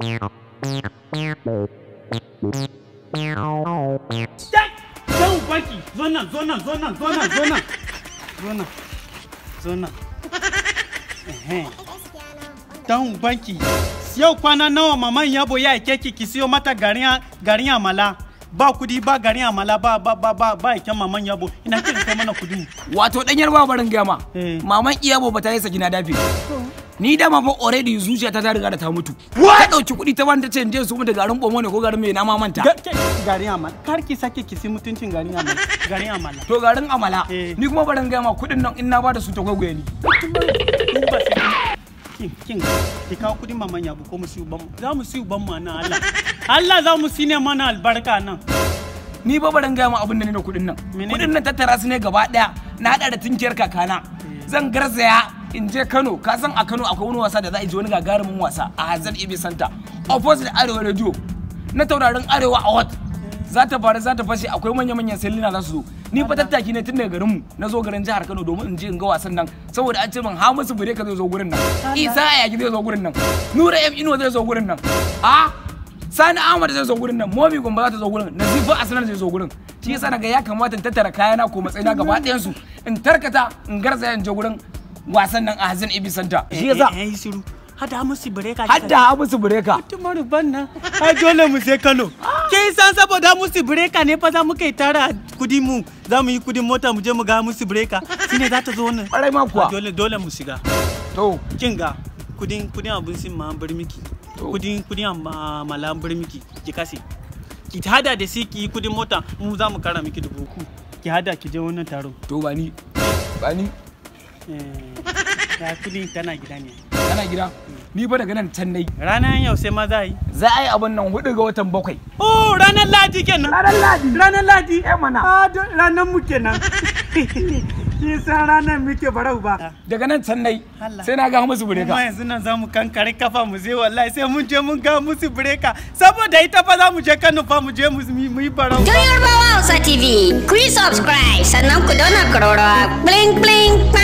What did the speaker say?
Yau baki Dan banki yau kwana nawa maman yabo ya ike ki ki siyo mata garin amala ba kudi ba garin amala ba ba ba ba ba iken maman yabo ina kika kai mana kudin. Wato ɗanyar ba barin gama eh. maman iyabo ba ta yi sakina dafi. ni dama fa already zuciya ta riga da ta mutu ta dauki kuɗi ta wanda ce je su mu da garin bomo ne ko garin mai na ma manta garin amala kar ki sake kisi mutuncin garin amala. garin amala to garin amala eh. ni kuma barin ga ma kuɗin nan in na bada su ta gwagwaye ni kin ki kawo kudin maman yabu ko mu siyu ban za mu siyu ban ma na Allah Allah za mu sine mana albarka nan ni ba barin ga ma abin da ne da kuɗin nan kuɗin nan tattara su ne gaba daya na hada da tinkiyar kakana eh. zan garzaya in je Kano ka san a Kano akwai wani wasa da za a ji wani gagarumin wasa a hazard Ibi Center opposite Arewa Radio na taurarin Arewa a Wat za ta faru za ta fashe akwai manya-manyan selina za su zo ni fa tattaki ne tun daga garinmu na zo garin jihar Kano domin in je in ga wasan nan saboda an ce min ha musu bure ka zai zo gurin nan Isa Ayaki zai zo gurin nan Nura M Ino zai zo gurin nan a Sani Ahmad zai zo gurin nan Momi Gomba za ta zo gurin Nazifa Asnan zai zo gurin shi yasa ga ya kamata in tattara kayana ko matsayina gaba ɗayan su in tarkata in garzaya in je gurin wasan nan a Hazin Ibi santa. Eh, shi yasa. Eh, eh shiru. Hada musu bureka. Hada musu bureka. Mutumar ban nan. a dole mu sai Kano. Ke san saboda musu bureka ne fa za mu kai tara kudi mu. Za mu yi kudin mota mu je mu ga musu bureka. Shine za ta zo wannan. Ƙwarai ma kuwa. Ah, dole dole mu shiga. To. Kin ga kudin kudin abun sin ma bar miki. Kudin kudin amma malam bar miki. Ki kase. Ki hada da si ki kudin mota mu za mu kara miki dubu uku. Ki hada ki je wannan taro. To ba ni. Ba ni. Eh. ya fili tana gida ne tana gida ni ba daga nan can nayi ranar yau sai ma za yi za a yi abin nan hudu ga watan bakwai oh ranar ladi kenan ranar ladi ranar ladi eh mana ah, ranar mu kenan k'i san ranar muke barau ba daga nan can nayi sai na ga musu bureka kuma yanzu nan zamu kankare kafa mu je wallahi sai mun je mun ga musu bureka saboda ita fa zamu je Kano fa mu je mu yi barau don Yarbawa Hausa TV ku yi subscribe sannan ku dona kororo bling bling